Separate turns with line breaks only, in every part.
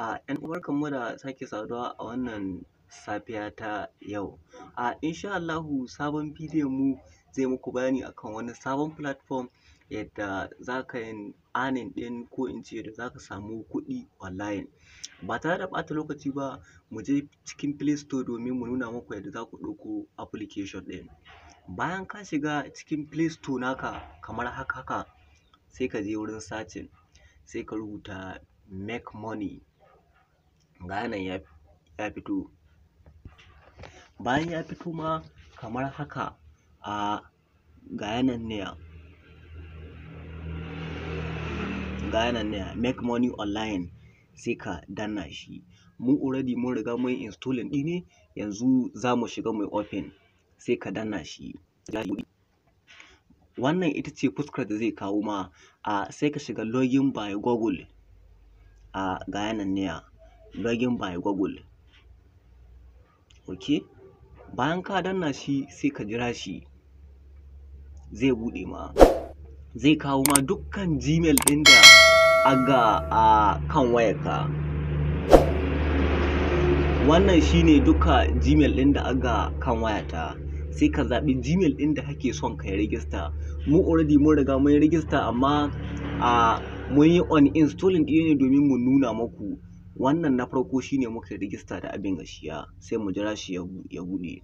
A ‘yan uwa barkanmu da sake saduwa a wannan safiya ta yau. A insha Allahu sabon bidiyon mu zai muku bayani akan wani sabon platform yadda za ka yi earning ɗin ko in ce da za ka samu kuɗi online. Ba tare da ɓata lokaci ba mu je cikin Play Store domin mu nuna muku yadda za ku ɗauko application ɗin. Bayan ka shiga cikin Play Store naka kamar haka haka sai ka je wurin searching sai ka rubuta make money. ganan ya fito bayan ya fito ma kamar haka a ga ne ne make money online sai ka danna shi mu already mun riga mun installing ɗi ne yanzu za mu shiga mai open sai ka danna shi wannan ita ce fuskar da zai kawo ma a sai ka shiga login by google a ga yanan ne login by google ok bayan ka danna shi sai ka jira shi zai bude ma zai kawo ma dukkan gmail ɗin da aga a kan wayarka wannan shine duka gmail ɗin da aga kan wayata sai ka zaɓi gmail ɗin da kake son ka yi mu already mun riga mun yi amma a mun yi on installing ɗin ne domin mu nuna muku wannan na farko shine muka yi rijista da abin gashiya sai mu jira shi ya buɗe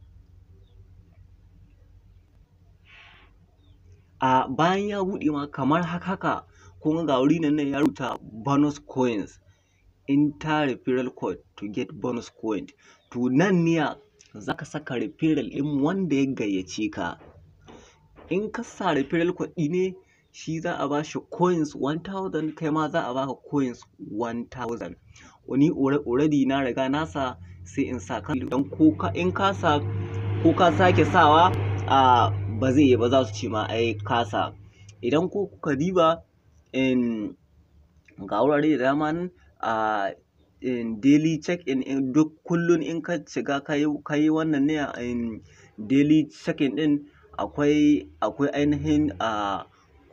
a bayan ya buɗe ma kamar haka haka kuma ga wuri nan ya rubuta bonus coins enter referral code to get bonus coin to nan za ka saka referral ɗin wanda ya gayyace ka in ka sa referral code ne shi za a ba shi coins 1000 kai ma za a baka coins 1000 wani already na riga nasa sai in sa kan don ko ka in ka sa ko ka sake sawa a ba zai yi ba za su ce ma ai kasa idan ko ka diba in ga wurare da dama nan a in daily check in duk kullun in ka shiga ka yi wannan ne a in daily check in din akwai akwai ainihin a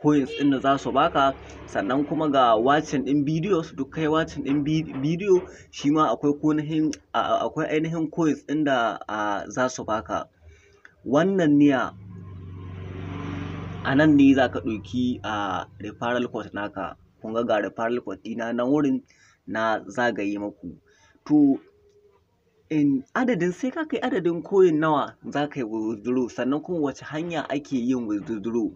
coins ɗin da za su baka sannan kuma ga watching ɗin videos duk kai watching ɗin video shi ma akwai akwai ainihin coins ɗin da za su baka wannan niya a nan ne za ka ɗauki a referral code naka kun ga ga referral code ɗina na wurin na zagaye maku to in adadin sai ka kai adadin koyin nawa za ka yi withdraw sannan kuma wace hanya ake yin withdraw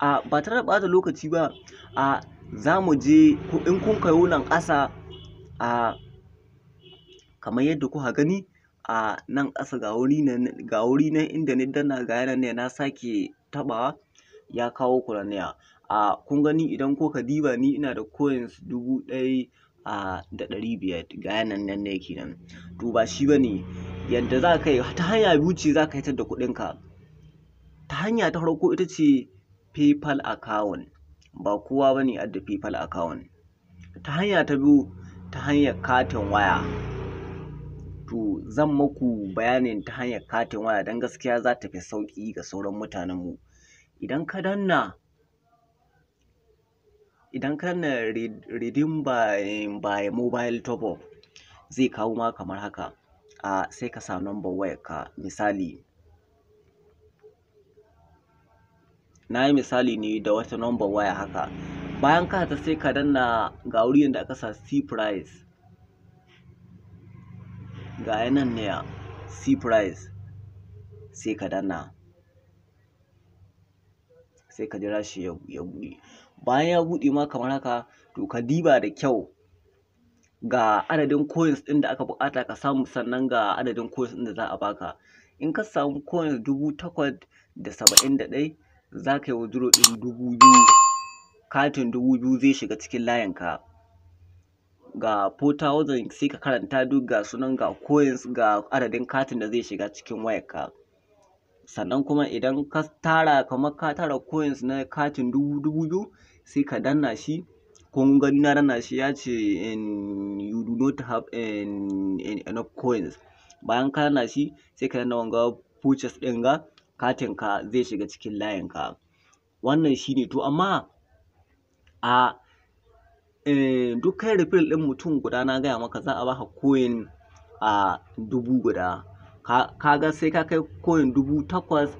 a ba tare da bata lokaci ba a za mu je in kun kayo nan ƙasa a kamar yadda kuka gani a nan ƙasa ga wuri nan ga wuri nan inda ni dana ga yana ne na sake taɓawa ya kawo kuraniya a kun gani idan kuka diba ni ina da su dubu ɗaya a da ɗari biyar ga yanan nan ne kenan to ba shi bane yadda za ka yi ta hanya biyu ce za ka hitar da kuɗinka ta hanya ta farko ita ce paypal account ba kowa bane adda paypal account ta hanya ta biyu ta hanyar katin waya to zan maku bayanin ta hanyar katin waya don gaskiya za ta fi sauƙi ga sauran mutanenmu idan ka danna idan kana redeem by, by mobile top up zai kawo ma kamar haka a sai ka sa number wayar ka misali na yi misali ne da wata number waya haka bayan ka ta sai ka danna ga wurin da aka sa c price ga yanan ne c price sai ka danna sai ka jira shi ya buɗe bayan ya buɗe ma kamar haka to ka diba da kyau ga adadin coins ɗin da aka buƙata ka samu sannan ga adadin coins ɗin da za a baka in ka samu coins dubu takwas da saba'in da ɗai za ka yi withdraw ɗin dubu biyu katin dubu biyu zai shiga cikin layinka ga thousand sai ka karanta duk ga sunan ga coins ga adadin katin da zai shiga cikin wayarka sannan kuma idan ka tara kamar ka tara coins na katin dubu dubu biyu sai ka danna shi kun gani na danna shi ya ce you do not have enough coins bayan ka danna shi sai ka danna wanga purchase ɗin ga katin ka zai shiga cikin layin ka wannan shine to amma a eh, duk kai refill ɗin mutum guda na gaya maka za a baka coin a dubu guda Ka ga sai ka kai koyin dubu takwas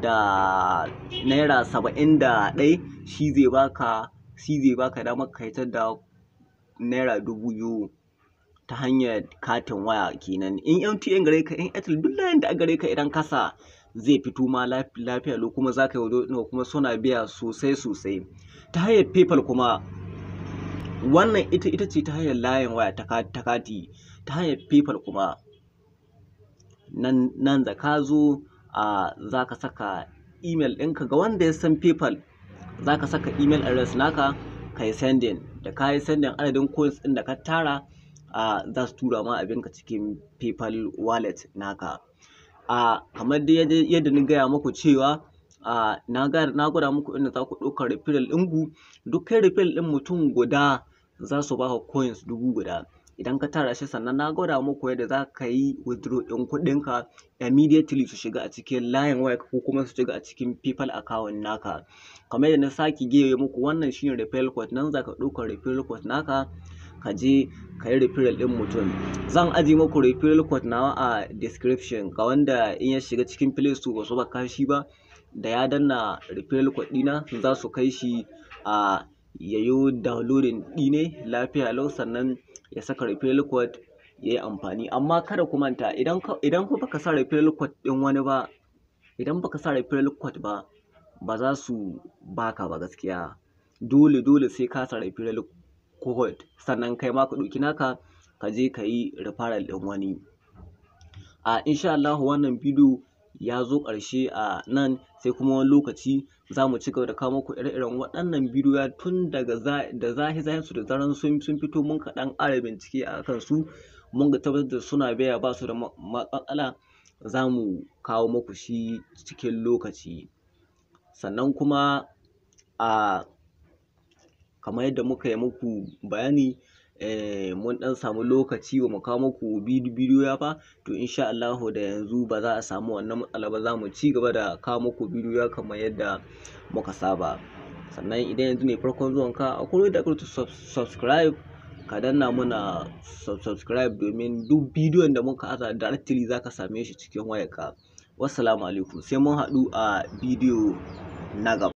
da naira saba'in da ɗaya. shi zai baka shi zai baka damar ka hitar da naira dubu biyu ta hanyar katin waya kenan in MTN gare ka in Airtel duk layin da a gare ka idan kasa zai fito ma lafiya lo kuma zaka yi kuma suna biya sosai sosai ta hanyar PayPal kuma wannan ita ita ce ta hanyar layin waya ta kati ta hanyar PayPal kuma nan nan da ka zo a ah, zaka saka email ɗinka ga wanda ya san PayPal za ka saka email address naka ka yi sending da ka yi sending adadin coins ɗin da ka tara a za su tura ma abinka cikin paypal wallet naka a kamar dai yadda ni gaya muku cewa a na gwada muku inda za ku ɗaukar referral ɗinku duk kai referral ɗin mutum guda za su ba ka coins dubu guda idan ka tara shi sannan na gwada muku yadda za ka yi withdraw ɗin ka immediately su shiga a cikin layin waya ko kuma su shiga a cikin PayPal account naka kamar yadda na saki gaya muku wannan shine referral code nan za ka ɗauka referral code naka ka je ka yi referral ɗin mutum zan ajiye muku referral code nawa a description ga wanda in ya shiga cikin Play Store ba su ba kashi ba da ya danna referral code ɗina za su kai shi a yayo downloading ɗine lafiya lau sannan ya saka refill code ya yi amfani amma kada ku manta idan ku baka sa refill ɗin wani ba idan baka sa ba ba za su baka ba gaskiya dole dole sai ka sa refill sannan kai ma ka ɗauki naka ka je ka yi referral ɗin wani a insha Allah wannan bidiyo ya zo ƙarshe a nan sai kuma wani lokaci za mu ci gaba da kawo muku ire-iren waɗannan bidiyoyi tun daga da zahi zahin su da zaran sun sun fito mun kaɗan ƙara bincike a kan su mun ga tabbatar da suna baya ba su da matsala za mu kawo muku shi cikin lokaci sannan kuma a kamar yadda muka yi muku bayani Eh, mun ɗan samu lokaci ba mu kawo muku bidiyo ba to insha Allahu da yanzu ba za a samu wannan matsala ba za mu ci gaba da kawo muku bidiyo ya kamar yadda muka saba sannan idan yanzu ne farkon zuwanka a kuma da ka subscribe ka danna muna subscribe domin duk bidiyon da muka aza directly zaka same shi cikin wayarka wassalamu alaikum sai mun haɗu a bidiyo na gaba